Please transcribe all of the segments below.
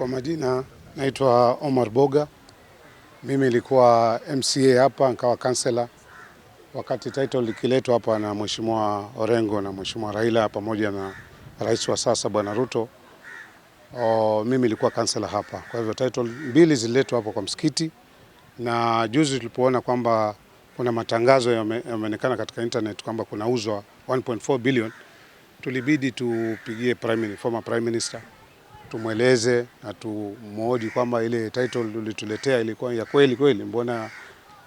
Kwa majina naitwa Omar Boga. Mimi nilikuwa MCA hapa nikawa kansela wakati title likiletwa hapa na Mheshimiwa Orengo na Mheshimiwa Raila pamoja na rais wa sasa Bwana Ruto. O, mimi nilikuwa kansela hapa, kwa hivyo title mbili zililetwa hapa kwa msikiti, na juzi tulipoona kwamba kuna matangazo yameonekana katika internet kwamba kunauzwa 1.4 billion, tulibidi tupigie prime, former prime minister tumweleze na tumuoji kwamba ile title ulituletea ilikuwa ya kweli kweli, mbona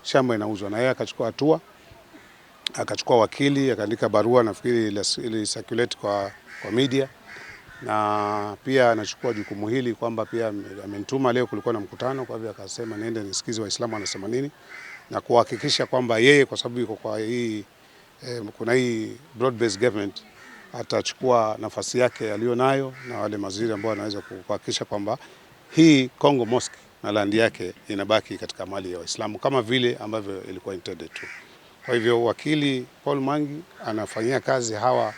shamba inauzwa? Na yeye akachukua hatua, akachukua wakili, akaandika barua, nafikiri ili circulate kwa, kwa media na pia anachukua jukumu hili kwamba pia amenituma leo, kulikuwa na mkutano, kwa hivyo akasema niende nisikize Waislamu wanasema nini na kuhakikisha kwamba yeye kwa sababu yuko kwa hii eh, kuna hii broad based government atachukua nafasi yake aliyonayo na wale mawaziri ambao wanaweza kuhakikisha kwamba hii Kongo Mosque na landi yake inabaki katika mali ya Waislamu kama vile ambavyo ilikuwa intended tu. Kwa hivyo wakili Paul Mangi anafanyia kazi hawa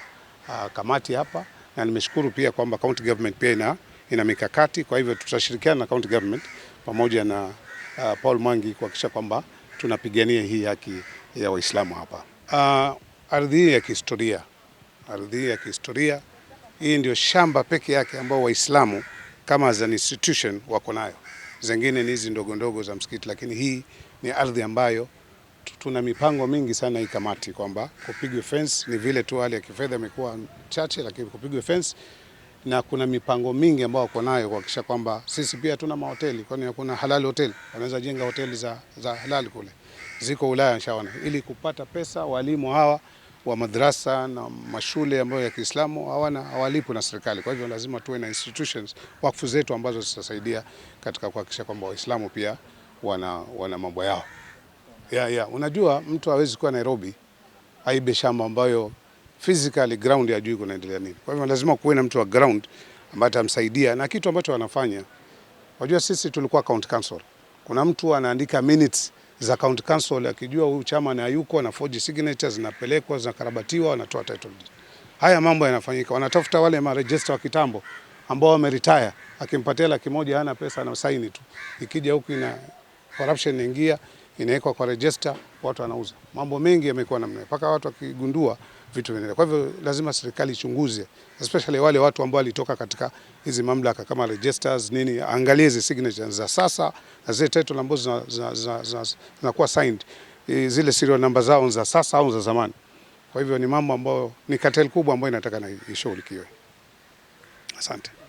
uh, kamati hapa na nimeshukuru pia kwamba county government pia ina, ina mikakati. Kwa hivyo tutashirikiana na county government pamoja na uh, Paul Mangi kuhakikisha kwamba tunapigania hii haki ya Waislamu hapa. Uh, ardhi hii ya kihistoria ardhi hii ya kihistoria. Hii ndio shamba peke yake ambao Waislamu kama as an institution wako nayo, zingine ni hizi ndogo ndogo za msikiti, lakini hii ni ardhi ambayo tuna mipango mingi sana hii kamati kwamba kupigwe fence. Ni vile tu hali ya kifedha imekuwa chache, lakini kupigwe fence na kuna mipango mingi ambayo wako nayo kuhakikisha kwamba sisi pia tuna mahoteli, kwani kuna halal hotel, wanaweza jenga hoteli za, za halal kule ziko Ulaya, nshaona ili kupata pesa walimu hawa wa madrasa na mashule ambayo ya Kiislamu hawana hawalipwi na serikali. Kwa hivyo lazima tuwe na institutions wakfu zetu ambazo zitasaidia katika kuhakikisha kwamba Waislamu pia wana, wana mambo yao yeah, yeah. Unajua mtu hawezi kuwa Nairobi aibe shamba ambayo physically ground hajui kunaendelea nini. Kwa hivyo lazima kuwe na mtu wa ground ambaye atamsaidia na kitu ambacho wanafanya Unajua sisi tulikuwa county council, kuna mtu anaandika minutes za county council, akijua huyu chama na yuko na forge signatures zinapelekwa zinakarabatiwa, wanatoa title deed. Haya mambo yanafanyika, wanatafuta wale marejista wa kitambo ambao wameretire, akimpatia laki moja hana pesa, na saini tu, ikija huku ina corruption inaingia inawekwa kwa register, watu wanauza. Mambo mengi yamekuwa namna hiyo, mpaka watu wakigundua vitu vinaendelea. Kwa hivyo lazima serikali ichunguze, especially wale watu ambao walitoka katika hizi mamlaka kama registers nini, angalie hizi signatures za sasa na zile title ambazo zinakuwa signed, zile serial number zao za sasa au za zamani. Kwa hivyo ni mambo ambayo ni cartel kubwa ambayo inataka na ishughulikiwe. Asante.